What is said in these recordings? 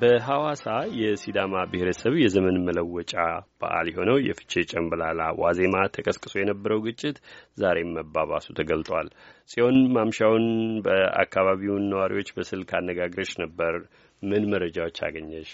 በሐዋሳ የሲዳማ ብሔረሰብ የዘመን መለወጫ በዓል የሆነው የፍቼ ጨንበላላ ዋዜማ ተቀስቅሶ የነበረው ግጭት ዛሬም መባባሱ ተገልጧል። ጽዮን ማምሻውን በአካባቢውን ነዋሪዎች በስልክ አነጋግረች ነበር። ምን መረጃዎች አገኘሽ?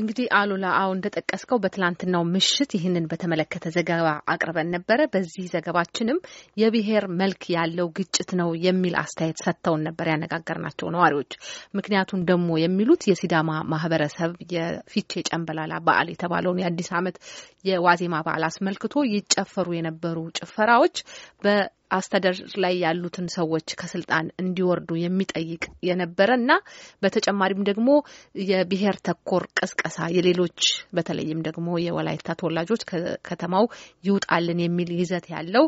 እንግዲህ አሉላ፣ አዎ እንደጠቀስከው በትላንትናው ምሽት ይህንን በተመለከተ ዘገባ አቅርበን ነበረ። በዚህ ዘገባችንም የብሔር መልክ ያለው ግጭት ነው የሚል አስተያየት ሰጥተውን ነበር ያነጋገርናቸው ነዋሪዎች። ምክንያቱም ደግሞ የሚሉት የሲዳማ ማህበረሰብ የፊቼ ጨንበላላ በዓል የተባለውን የአዲስ ዓመት የዋዜማ በዓል አስመልክቶ ይጨፈሩ የነበሩ ጭፈራዎች በ አስተዳደር ላይ ያሉትን ሰዎች ከስልጣን እንዲወርዱ የሚጠይቅ የነበረ እና በተጨማሪም ደግሞ የብሔር ተኮር ቀስቀሳ የሌሎች በተለይም ደግሞ የወላይታ ተወላጆች ከከተማው ይውጣልን የሚል ይዘት ያለው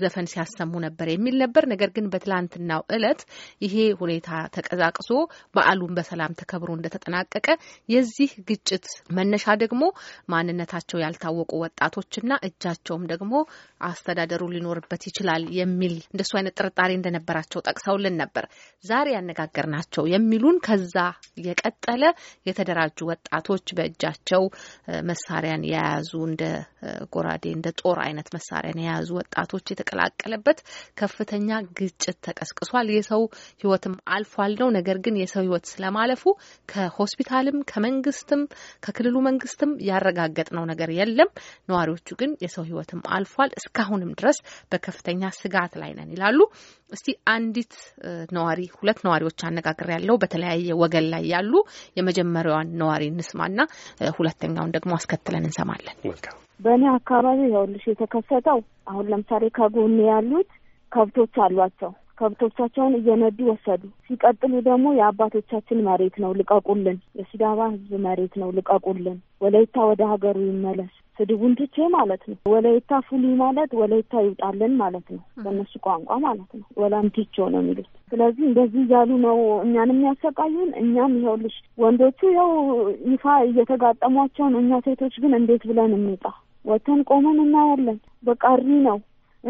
ዘፈን ሲያሰሙ ነበር የሚል ነበር። ነገር ግን በትላንትናው እለት ይሄ ሁኔታ ተቀዛቅዞ በዓሉን በሰላም ተከብሮ እንደተጠናቀቀ የዚህ ግጭት መነሻ ደግሞ ማንነታቸው ያልታወቁ ወጣቶችና እጃቸውም ደግሞ አስተዳደሩ ሊኖርበት ይችላል የሚል እንደሱ አይነት ጥርጣሬ እንደነበራቸው ጠቅሰውልን ነበር። ዛሬ ያነጋገር ናቸው የሚሉን ከዛ የቀጠለ የተደራጁ ወጣቶች በእጃቸው መሳሪያን የያዙ እንደ ጎራዴ እንደ ጦር አይነት መሳሪያን የያዙ ወጣቶች የተቀላቀለበት ከፍተኛ ግጭት ተቀስቅሷል። የሰው ህይወትም አልፏል ነው። ነገር ግን የሰው ህይወት ስለማለፉ ከሆስፒታልም ከመንግስትም ከክልሉ መንግስትም ያረጋገጥ ነው ነገር የለም። ነዋሪዎቹ ግን የሰው ህይወትም አልፏል፣ እስካሁንም ድረስ በከፍተኛ ስጋት ላይ ነን ይላሉ። እስቲ አንዲት ነዋሪ ሁለት ነዋሪዎች አነጋግር ያለው በተለያየ ወገን ላይ ያሉ የመጀመሪያዋን ነዋሪ እንስማና ሁለተኛውን ደግሞ አስከትለን እንሰማለን። መልካም በእኔ አካባቢ ይኸውልሽ የተከሰተው አሁን ለምሳሌ ከጎን ያሉት ከብቶች አሏቸው። ከብቶቻቸውን እየነዱ ወሰዱ። ሲቀጥሉ ደግሞ የአባቶቻችን መሬት ነው ልቀቁልን፣ የሲዳባ ህዝብ መሬት ነው ልቀቁልን፣ ወላይታ ወደ ሀገሩ ይመለስ፣ ስድቡን ትቼ ማለት ነው። ወላይታ ፉሊ ማለት ወላይታ ይውጣልን ማለት ነው፣ በእነሱ ቋንቋ ማለት ነው። ወላምቲቾ ነው የሚሉት። ስለዚህ እንደዚህ እያሉ ነው እኛን የሚያሰቃዩን። እኛም ይኸውልሽ ወንዶቹ ያው ይፋ እየተጋጠሟቸውን፣ እኛ ሴቶች ግን እንዴት ብለን እንውጣ? ወተን ቆመን እናያለን። በቃሪ ነው።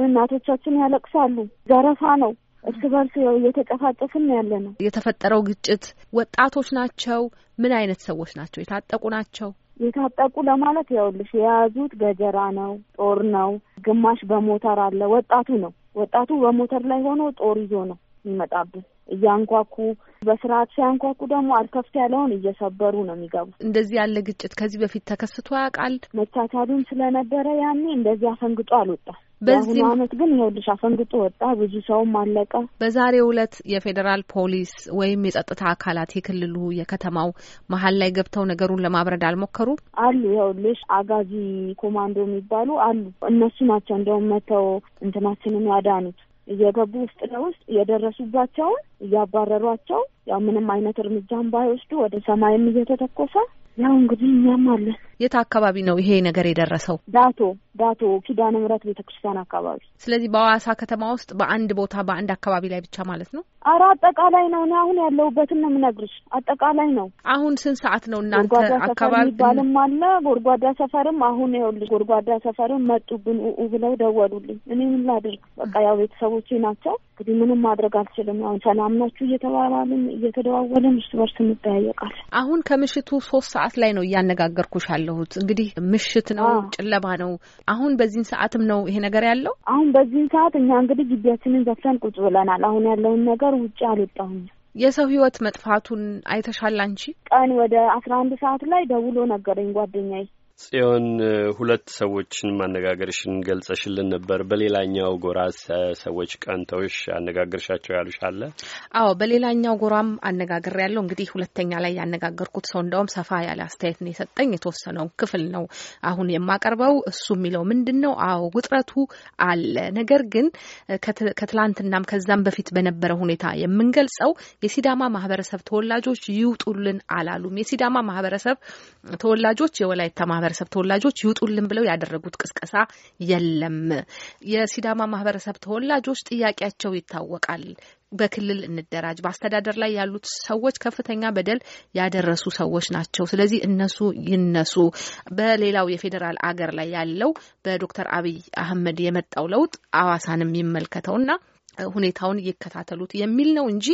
እናቶቻችን ያለቅሳሉ። ዘረፋ ነው። እርስ በርስ እየተጨፋጨፍን ያለ ነው የተፈጠረው ግጭት። ወጣቶች ናቸው። ምን አይነት ሰዎች ናቸው? የታጠቁ ናቸው። የታጠቁ ለማለት ያውልሽ የያዙት ገጀራ ነው፣ ጦር ነው። ግማሽ በሞተር አለ። ወጣቱ ነው። ወጣቱ በሞተር ላይ ሆኖ ጦር ይዞ ነው ይመጣብን እያንኳኩ በስርዓት ሲያንኳኩ ደግሞ አርከፍት ያለውን እየሰበሩ ነው የሚገቡት። እንደዚህ ያለ ግጭት ከዚህ በፊት ተከስቶ ያውቃል? መቻቻሉን ስለነበረ ያኔ እንደዚህ አፈንግጦ አልወጣም። በዚህ አመት ግን ይኸውልሽ አፈንግጦ ወጣ፣ ብዙ ሰውም አለቀ። በዛሬው ዕለት የፌዴራል ፖሊስ ወይም የጸጥታ አካላት የክልሉ የከተማው መሀል ላይ ገብተው ነገሩን ለማብረድ አልሞከሩ አሉ። ይኸውልሽ አጋዚ ኮማንዶ የሚባሉ አሉ። እነሱ ናቸው እንደውም መተው እንትናችንን ያዳኑት። እየገቡ ውስጥ ለውስጥ የደረሱባቸውን እያባረሯቸው ያው ምንም አይነት እርምጃን ባይወስዱ ወደ ሰማይም እየተተኮሰ ያው እንግዲህ እኛም አለን የት አካባቢ ነው ይሄ ነገር የደረሰው? ዳቶ ዳቶ ኪዳነ ምሕረት ቤተክርስቲያን አካባቢ። ስለዚህ በሀዋሳ ከተማ ውስጥ በአንድ ቦታ በአንድ አካባቢ ላይ ብቻ ማለት ነው? አረ አጠቃላይ ነው። እኔ አሁን ያለሁበትን ነው የምነግርሽ። አጠቃላይ ነው። አሁን ስንት ሰዓት ነው እናንተ አካባቢ? ባልም አለ ጎድጓዳ ሰፈርም። አሁን ይኸውልሽ ጎድጓዳ ሰፈርም መጡብን ኡ ብለው ደወሉልኝ። እኔ ምን ላድርግ? በቃ ያው ቤተሰቦቼ ናቸው እንግዲህ ምንም ማድረግ አልችልም። አሁን ሰላም ናችሁ እየተባባልን እየተደዋወልን እርስ በርስ እንጠያየቃል። አሁን ከምሽቱ ሶስት ሰዓት ላይ ነው እያነጋገርኩሽ ያለሁት። እንግዲህ ምሽት ነው፣ ጨለማ ነው። አሁን በዚህን ሰዓትም ነው ይሄ ነገር ያለው። አሁን በዚህን ሰዓት እኛ እንግዲህ ግቢያችንን ዘግተን ቁጭ ብለናል። አሁን ያለውን ነገር ውጭ አልወጣሁኝ። የሰው ህይወት መጥፋቱን አይተሻል አንቺ? ቀን ወደ አስራ አንድ ሰዓት ላይ ደውሎ ነገረኝ ጓደኛዬ ጽዮን ሁለት ሰዎችን ማነጋገርሽን ገልጸሽልን ነበር። በሌላኛው ጎራ ሰዎች ቀንተውሽ አነጋገርሻቸው ያሉሽ አለ? አዎ በሌላኛው ጎራም አነጋግር ያለው እንግዲህ ሁለተኛ ላይ ያነጋገርኩት ሰው እንደውም ሰፋ ያለ አስተያየት ነው የሰጠኝ። የተወሰነው ክፍል ነው አሁን የማቀርበው። እሱ የሚለው ምንድን ነው? አዎ ውጥረቱ አለ። ነገር ግን ከትላንትናም ከዛም በፊት በነበረ ሁኔታ የምንገልጸው የሲዳማ ማህበረሰብ ተወላጆች ይውጡልን አላሉም። የሲዳማ ማህበረሰብ ተወላጆች የወላይታ ማህበረሰብ ተወላጆች ይውጡልን ብለው ያደረጉት ቅስቀሳ የለም። የሲዳማ ማህበረሰብ ተወላጆች ጥያቄያቸው ይታወቃል። በክልል እንደራጅ። በአስተዳደር ላይ ያሉት ሰዎች ከፍተኛ በደል ያደረሱ ሰዎች ናቸው። ስለዚህ እነሱ ይነሱ። በሌላው የፌዴራል አገር ላይ ያለው በዶክተር አብይ አህመድ የመጣው ለውጥ አዋሳንም ይመልከተውና ሁኔታውን ይከታተሉት የሚል ነው እንጂ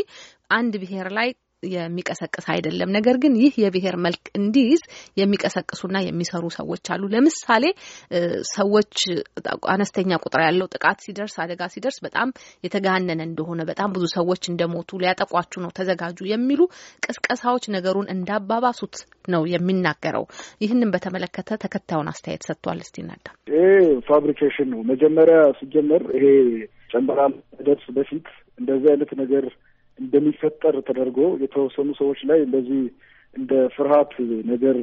አንድ ብሔር ላይ የሚቀሰቅስ አይደለም። ነገር ግን ይህ የብሔር መልክ እንዲይዝ የሚቀሰቅሱና የሚሰሩ ሰዎች አሉ። ለምሳሌ ሰዎች አነስተኛ ቁጥር ያለው ጥቃት ሲደርስ አደጋ ሲደርስ በጣም የተጋነነ እንደሆነ በጣም ብዙ ሰዎች እንደሞቱ ሊያጠቋችሁ ነው ተዘጋጁ የሚሉ ቅስቀሳዎች ነገሩን እንዳባባሱት ነው የሚናገረው። ይህንን በተመለከተ ተከታዩን አስተያየት ሰጥቷል። እስቲ እናዳ። ይሄ ፋብሪኬሽን ነው። መጀመሪያ ሲጀመር ይሄ ጨንበራ ደርስ በፊት እንደዚህ አይነት ነገር እንደሚፈጠር ተደርጎ የተወሰኑ ሰዎች ላይ እንደዚህ እንደ ፍርሃት ነገር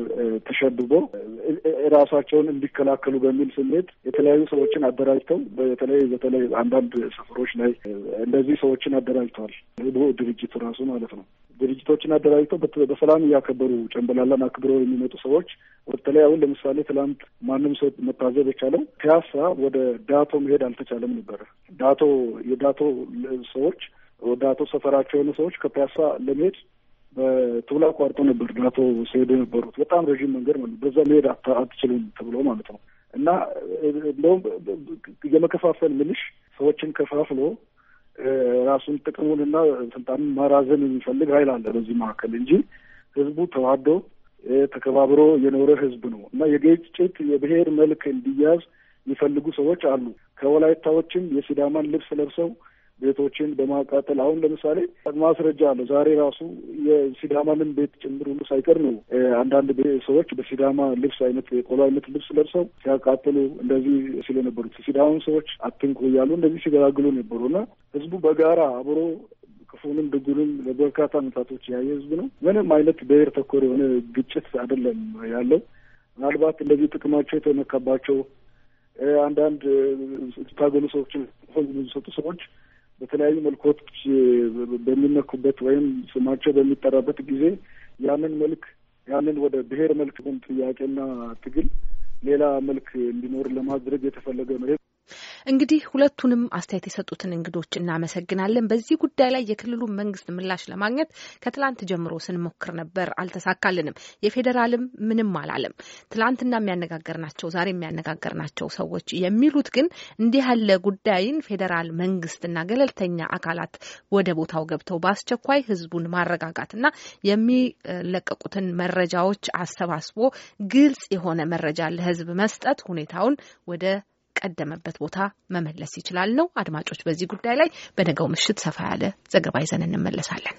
ተሸብቦ ራሳቸውን እንዲከላከሉ በሚል ስሜት የተለያዩ ሰዎችን አደራጅተው በተለይ በተለይ አንዳንድ ሰፈሮች ላይ እንደዚህ ሰዎችን አደራጅተዋል። ህቡ ድርጅቱ ራሱ ማለት ነው። ድርጅቶችን አደራጅተው በሰላም እያከበሩ ጨንበላላን አክብረው የሚመጡ ሰዎች በተለይ አሁን ለምሳሌ ትላንት ማንም ሰው መታዘብ የቻለው ፒያሳ ወደ ዳቶ መሄድ አልተቻለም ነበረ። ዳቶ የዳቶ ሰዎች ወደ አቶ ሰፈራቸው የሆኑ ሰዎች ከፒያሳ ለመሄድ በቱላ ቋርጦ ነበር ዳቶ ሲሄዱ የነበሩት። በጣም ረዥም መንገድ ማለት በዛ መሄድ አትችሉም ተብሎ ማለት ነው። እና እንደውም የመከፋፈል ምልሽ ሰዎችን ከፋፍሎ ራሱን ጥቅሙንና ስልጣንን ማራዘን የሚፈልግ ኃይል አለ በዚህ መካከል እንጂ ህዝቡ ተዋዶ ተከባብሮ የኖረ ህዝብ ነው እና የግጭት የብሔር መልክ እንዲያዝ የሚፈልጉ ሰዎች አሉ። ከወላይታዎችም የሲዳማን ልብስ ለብሰው ቤቶችን በማቃጠል አሁን ለምሳሌ ማስረጃ አለ። ዛሬ ራሱ የሲዳማንም ቤት ጭምር ሁሉ ሳይቀር ነው አንዳንድ ሰዎች በሲዳማ ልብስ አይነት የቆሎ አይነት ልብስ ለብሰው ሲያቃጥሉ እንደዚህ ሲሉ ነበሩት። ሲዳማን ሰዎች አትንኩ እያሉ እንደዚህ ሲገላግሉ ነበሩ እና ህዝቡ በጋራ አብሮ ክፉንም ድጉንም ለበርካታ ምታቶች ያየ ህዝብ ነው። ምንም አይነት ብሔር ተኮር የሆነ ግጭት አይደለም ያለው። ምናልባት እንደዚህ ጥቅማቸው የተነካባቸው አንዳንድ ታገሉ ሰዎችን የሚሰጡ ሰዎች በተለያዩ መልኮች በሚነኩበት ወይም ስማቸው በሚጠራበት ጊዜ ያንን መልክ ያንን ወደ ብሔር መልክ ጥያቄና ትግል ሌላ መልክ እንዲኖር ለማድረግ የተፈለገ ነው። እንግዲህ ሁለቱንም አስተያየት የሰጡትን እንግዶች እናመሰግናለን። በዚህ ጉዳይ ላይ የክልሉ መንግስት ምላሽ ለማግኘት ከትላንት ጀምሮ ስንሞክር ነበር፣ አልተሳካልንም። የፌዴራልም ምንም አላለም። ትላንትና የሚያነጋገር ናቸው፣ ዛሬ የሚያነጋገር ናቸው ሰዎች የሚሉት ግን እንዲህ ያለ ጉዳይን ፌዴራል መንግስትና ገለልተኛ አካላት ወደ ቦታው ገብተው በአስቸኳይ ህዝቡን ማረጋጋትና የሚለቀቁትን መረጃዎች አሰባስቦ ግልጽ የሆነ መረጃ ለህዝብ መስጠት ሁኔታውን ወደ ቀደመበት ቦታ መመለስ ይችላል ነው። አድማጮች፣ በዚህ ጉዳይ ላይ በነገው ምሽት ሰፋ ያለ ዘገባ ይዘን እንመለሳለን።